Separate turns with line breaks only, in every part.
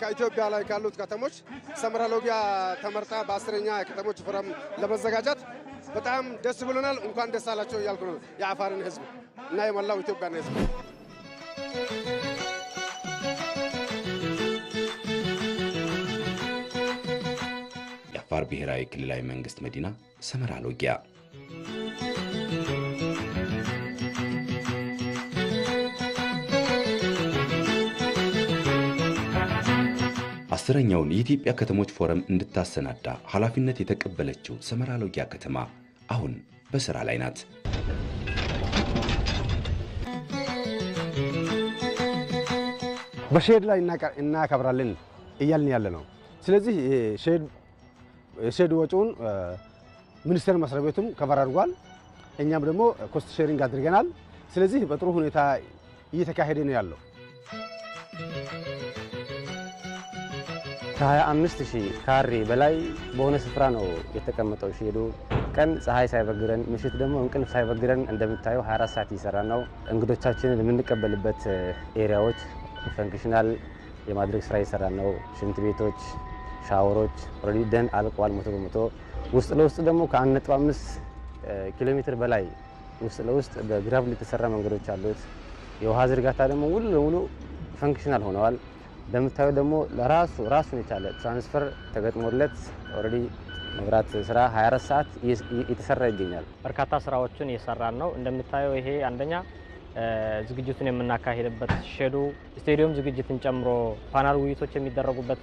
ከኢትዮጵያ ላይ ካሉት ከተሞች ሰመራ ሎጊያ ተመርጣ በአስረኛ ከተሞች ፎረም ለመዘጋጀት በጣም ደስ ብሎናል። እንኳን ደስ አላቸው እያልኩ ነው የአፋርን ህዝብ እና የመላው ኢትዮጵያን ህዝብ።
የአፋር ብሔራዊ ክልላዊ መንግስት መዲና ሰመራ ሎጊያ። አስረኛውን የኢትዮጵያ ከተሞች ፎረም እንድታሰናዳ ኃላፊነት የተቀበለችው ሰመራ ሎጊያ ከተማ አሁን በሥራ ላይ ናት።
በሼድ ላይ እናከብራለን እያልን ያለ ነው። ስለዚህ ሼድ ወጪውን ሚኒስቴር መስሪያ ቤቱም ከበር አድርጓል። እኛም ደግሞ ኮስት ሼሪንግ አድርገናል። ስለዚህ በጥሩ ሁኔታ እየተካሄደ ነው ያለው።
ከ25 ሺህ ካሬ በላይ በሆነ ስፍራ ነው የተቀመጠው ሼዱ። ቀን ፀሐይ ሳይበግረን ምሽት ደግሞ እንቅልፍ ሳይበግረን እንደምታየው 24 ሰዓት እየሰራ ነው። እንግዶቻችንን የምንቀበልበት ኤሪያዎች ፈንክሽናል የማድረግ ስራ እየሰራ ነው። ሽንት ቤቶች፣ ሻወሮች ኦልሬዲ ደን አልቋል መቶ በመቶ። ውስጥ ለውስጥ ደግሞ ከ1.5 ኪሎ ሜትር በላይ ውስጥ ለውስጥ በግራቭል የተሰራ መንገዶች አሉት። የውሃ ዝርጋታ ደግሞ ሙሉ ለሙሉ ፈንክሽናል ሆነዋል። እንደምታዩ ደግሞ ለራሱ ራሱን የቻለ ትራንስፈር ተገጥሞለት ኦልሬዲ መብራት ስራ 24 ሰዓት እየተሰራ ይገኛል።
በርካታ ስራዎችን እየሰራን ነው። እንደምታየው ይሄ አንደኛ ዝግጅቱን የምናካሄድበት ሼዱ ስቴዲየም ዝግጅትን ጨምሮ ፓናል ውይይቶች የሚደረጉበት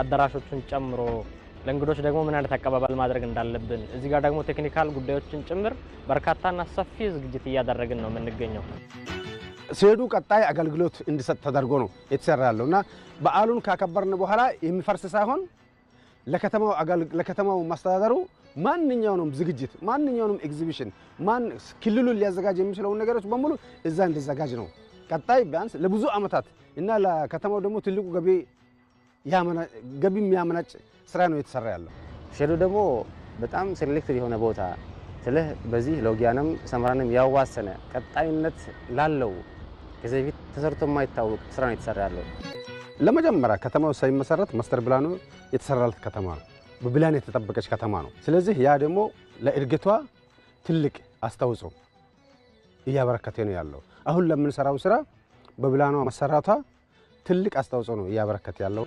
አዳራሾቹን ጨምሮ ለእንግዶች ደግሞ ምን አይነት አቀባበል ማድረግ እንዳለብን እዚህ ጋር ደግሞ ቴክኒካል ጉዳዮችን ጭምር በርካታና ሰፊ ዝግጅት እያደረግን ነው የምንገኘው።
ሲሄዱ ቀጣይ አገልግሎት እንዲሰጥ ተደርጎ ነው የተሰራ ያለው እና በዓሉን ካከበርን በኋላ የሚፈርስ ሳይሆን ለከተማው ማስተዳደሩ ማንኛውንም ዝግጅት ማንኛውንም ኤግዚቢሽን ክልሉን ሊያዘጋጅ የሚችለውን ነገሮች በሙሉ እዛ እንዲዘጋጅ ነው። ቀጣይ ቢያንስ ለብዙ ዓመታት እና ለከተማው ደግሞ ትልቁ ገቢ የሚያመነጭ ስራ ነው የተሰራ ያለው።
ሼዱ ደግሞ በጣም ሴሌክትድ የሆነ ቦታ ስለህ በዚህ ለውጊያንም ሰመራንም ያዋሰነ ቀጣይነት ላለው ከዚህ በፊት ተሰርቶ የማይታወቅ ስራ ነው የተሰራ ያለው።
ለመጀመሪያ ከተማው ሳይመሰረት ማስተር ፕላኑ የተሰራለት ከተማ ነው። በፕላን የተጠበቀች ከተማ ነው። ስለዚህ ያ ደግሞ ለእድገቷ ትልቅ አስተዋጽኦ እያበረከተ ነው ያለው። አሁን ለምንሰራው ስራ በፕላኗ መሰራቷ ትልቅ አስተዋጽኦ ነው እያበረከተ ያለው።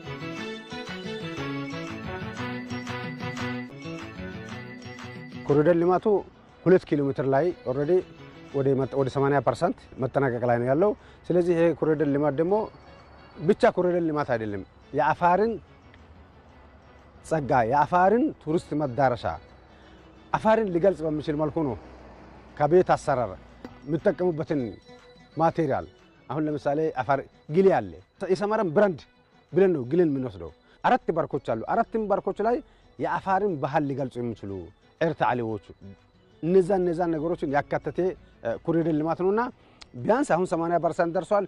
ኮሪደር ልማቱ ሁለት ኪሎ ሜትር ላይ ኦልሬዲ ወደ 80 ፐርሰንት መጠናቀቅ ላይ ነው ያለው። ስለዚህ ይሄ ኮሪደር ልማት ደግሞ ብቻ ኮሪደር ልማት አይደለም፣ የአፋርን ጸጋ፣ የአፋርን ቱሪስት መዳረሻ አፋርን ሊገልጽ በሚችል መልኩ ነው ከቤት አሰራር የሚጠቀሙበትን ማቴሪያል አሁን ለምሳሌ አፋር ግሌ አለ። የሰመራን ብረንድ ብለን ነው ግሌን የምንወስደው። አራት ባርኮች አሉ። አራትም ባርኮች ላይ የአፋርን ባህል ሊገልጹ የሚችሉ ኤርታሌዎቹ እነዛ እነዛን ነገሮችን ያካተተ ኮሪደር ልማት ነውና ቢያንስ አሁን 80 ፐርሰንት ደርሷል።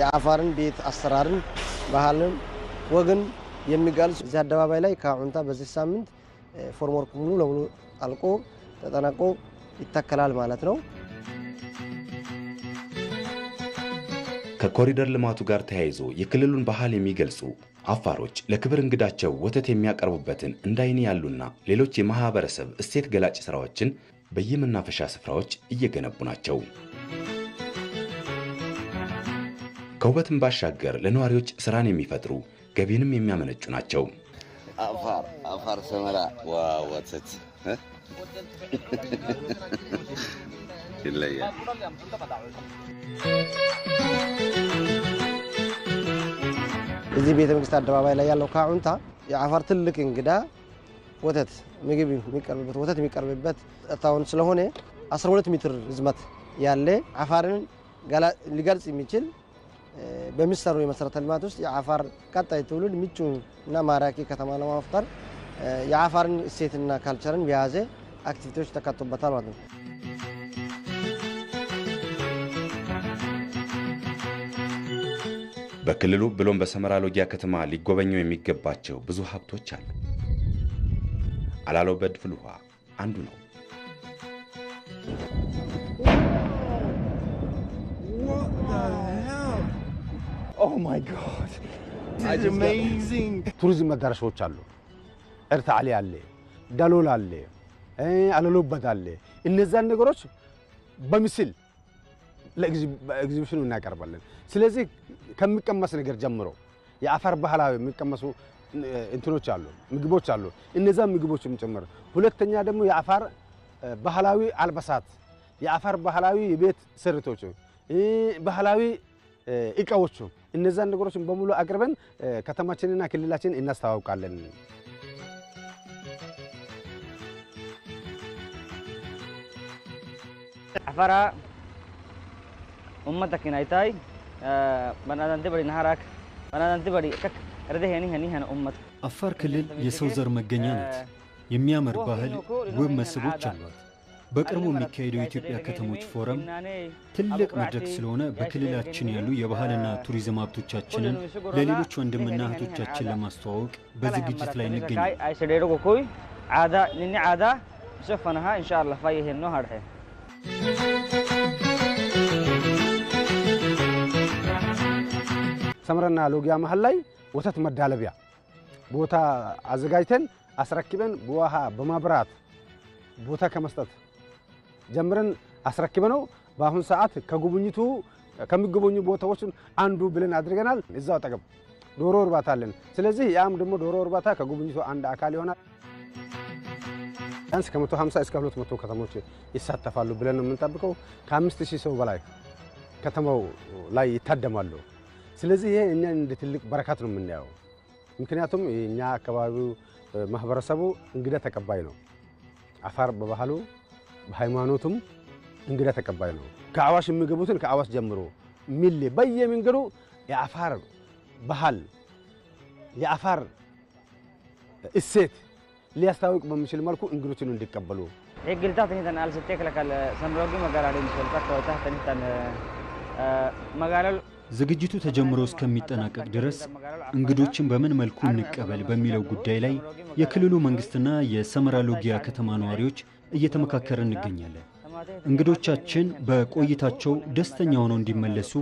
የአፋርን ቤት አሰራርን ባህልን ወግን የሚገልጽ እዚህ አደባባይ ላይ ከአሁንታ በዚህ ሳምንት ፎርምወርክ ሙሉ ለሙሉ አልቆ ተጠናቆ ይተከላል ማለት ነው።
ከኮሪደር ልማቱ ጋር ተያይዞ የክልሉን ባህል የሚገልጹ አፋሮች ለክብር እንግዳቸው ወተት የሚያቀርቡበትን እንዳይን ያሉና ሌሎች የማህበረሰብ እሴት ገላጭ ስራዎችን በየመናፈሻ ስፍራዎች እየገነቡ ናቸው። ከውበትም ባሻገር ለነዋሪዎች ስራን የሚፈጥሩ ገቢንም የሚያመነጩ ናቸው።
አፋር አፋር ሰመራ ዋ ወተት ይለያል።
እዚህ ቤተ መንግስት አደባባይ ላይ ያለው ካዑንታ የአፋር ትልቅ እንግዳ ወተት ምግብ የሚቀርብበት ወተት የሚቀርብበት እታውን ስለሆነ 12 ሜትር ርዝመት ያለ አፋርን ሊገልጽ የሚችል በሚሰሩ የመሰረተ ልማት ውስጥ የአፋር ቀጣይ ትውልድ ምቹ እና ማራኪ ከተማ ለማፍጠር የአፋርን እሴትና ካልቸርን የያዘ አክቲቪቲዎች ተካቶበታል ማለት ነው።
በክልሉ ብሎም በሰመራ ሎጊያ ከተማ ሊጎበኘው የሚገባቸው ብዙ ሀብቶች አሉ። አላለው በድፍል ውሃ አንዱ ነው።
ቱሪዝም oh መዳረሻዎች አሉ። ኤርታ አሌ አለ፣ ዳሎል አለ፣ አለሎበት አለ። እነዛን ነገሮች በምስል ለኤግዚቢሽኑ እናቀርባለን። ስለዚህ ከሚቀመስ ነገር ጀምሮ የአፈር ባህላዊ የሚቀመሱ እንትኖች አሉ፣ ምግቦች አሉ። እነዛ ምግቦችም ጭምር። ሁለተኛ ደግሞ የአፋር ባህላዊ አልባሳት፣ የአፋር ባህላዊ የቤት ስርቶቹ ባህላዊ እቃዎቹ፣ እነዛን ነገሮችን በሙሉ አቅርበን ከተማችንና ክልላችን እናስተዋውቃለን።
አፋራ ኡመተኪናይታይ በናዳንቲ በሪ ናሃራክ በናዳንቲ በሪ
አፋር ክልል የሰው ዘር መገኛ ናት። የሚያምር ባህል፣ ውብ መስህቦች አሏት። በቅርቡ የሚካሄደው የኢትዮጵያ ከተሞች ፎረም ትልቅ መድረክ ስለሆነ በክልላችን ያሉ የባህልና ቱሪዝም ሀብቶቻችንን ለሌሎች ወንድምና እህቶቻችን ለማስተዋወቅ በዝግጅት ላይ እንገኛል።
ሰምረና ሎጊያ መሀል ላይ ወተት መዳለቢያ ቦታ አዘጋጅተን አስረክበን በውሃ በማብራት ቦታ ከመስጠት ጀምረን አስረክበ ነው። በአሁን ሰዓት ከጉብኝቱ ከሚጎበኙ ቦታዎች አንዱ ብለን አድርገናል። እዛው አጠገብ ዶሮ እርባታ አለን። ስለዚህ ያም ደግሞ ዶሮ እርባታ ከጉብኝቱ አንድ አካል ይሆናል። ቢያንስ ከ150 እስከ 200 ከተሞች ይሳተፋሉ ብለን ነው የምንጠብቀው። ከ5000 ሰው በላይ ከተማው ላይ ይታደማሉ። ስለዚህ ይሄ እኛ እንደ ትልቅ በረከት ነው የምናየው። ምክንያቱም እኛ አካባቢው ማህበረሰቡ እንግዳ ተቀባይ ነው። አፋር በባህሉ በሃይማኖቱም እንግዳ ተቀባይ ነው። ከአዋሽ የሚገቡትን ከአዋሽ ጀምሮ ሚሌ በየመንገዱ የአፋር ባህል የአፋር እሴት ሊያስታውቅ በሚችል መልኩ እንግዶችን እንዲቀበሉ
ግልታት
ዝግጅቱ ተጀምሮ እስከሚጠናቀቅ ድረስ እንግዶችን በምን መልኩ እንቀበል በሚለው ጉዳይ ላይ የክልሉ መንግስትና የሰመራ ሎጊያ ከተማ ነዋሪዎች እየተመካከረ እንገኛለን። እንግዶቻችን በቆይታቸው ደስተኛ ሆነው እንዲመለሱ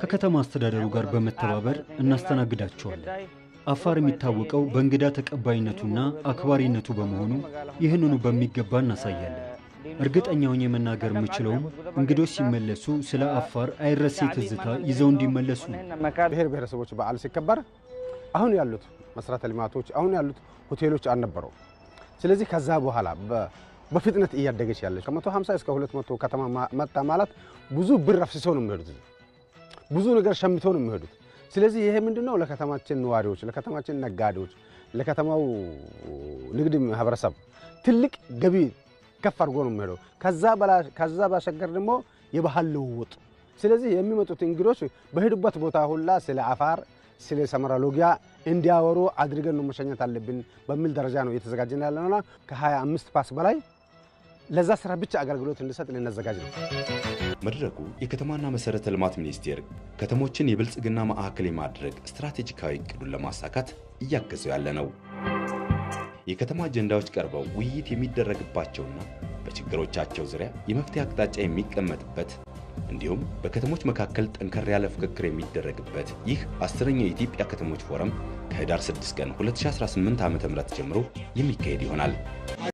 ከከተማ አስተዳደሩ ጋር በመተባበር እናስተናግዳቸዋለን። አፋር የሚታወቀው በእንግዳ ተቀባይነቱና አክባሪነቱ በመሆኑ ይህንኑ በሚገባ እናሳያለን። እርግጠኛ ሆኜ መናገር የምችለውም እንግዶች ሲመለሱ ስለ አፋር አይረሴ ትዝታ ይዘው እንዲመለሱ
ብሔር ብሔረሰቦች በዓል ሲከበር አሁን ያሉት መሰረተ ልማቶች አሁን ያሉት ሆቴሎች አልነበረው። ስለዚህ ከዛ በኋላ በፍጥነት እያደገች ያለች ከ150 እስከ 200 ከተማ መጣ ማለት ብዙ ብር አፍስሰው ነው የሚሄዱት፣ ብዙ ነገር ሸምተው ነው የሚሄዱት። ስለዚህ ይሄ ምንድነው ለከተማችን ነዋሪዎች፣ ለከተማችን ነጋዴዎች፣ ለከተማው ንግድ ማህበረሰብ ትልቅ ገቢ ከፍ አድርጎ ነው የሚሄደው። ከዛ ባሻገር ደግሞ የባህል ልውውጥ። ስለዚህ የሚመጡት እንግዶች በሄዱበት ቦታ ሁላ ስለ አፋር፣ ስለ ሰመራ ሎጊያ እንዲያወሩ አድርገን ነው መሸኘት አለብን በሚል ደረጃ ነው እየተዘጋጀን ያለነውና ከ25 ፓስ በላይ ለዛ ስራ ብቻ አገልግሎት እንዲሰጥ ልናዘጋጅ ነው።
መድረኩ የከተማና መሰረተ ልማት ሚኒስቴር ከተሞችን የብልጽግና ማዕከል የማድረግ ስትራቴጂካዊ እቅዱን ለማሳካት እያገዘው ያለ ነው። የከተማ አጀንዳዎች ቀርበው ውይይት የሚደረግባቸውና በችግሮቻቸው ዙሪያ የመፍትሄ አቅጣጫ የሚቀመጥበት እንዲሁም በከተሞች መካከል ጠንከር ያለ ፍክክር የሚደረግበት ይህ አስረኛው የኢትዮጵያ ከተሞች ፎረም ከህዳር 6 ቀን 2018 ም ጀምሮ የሚካሄድ ይሆናል።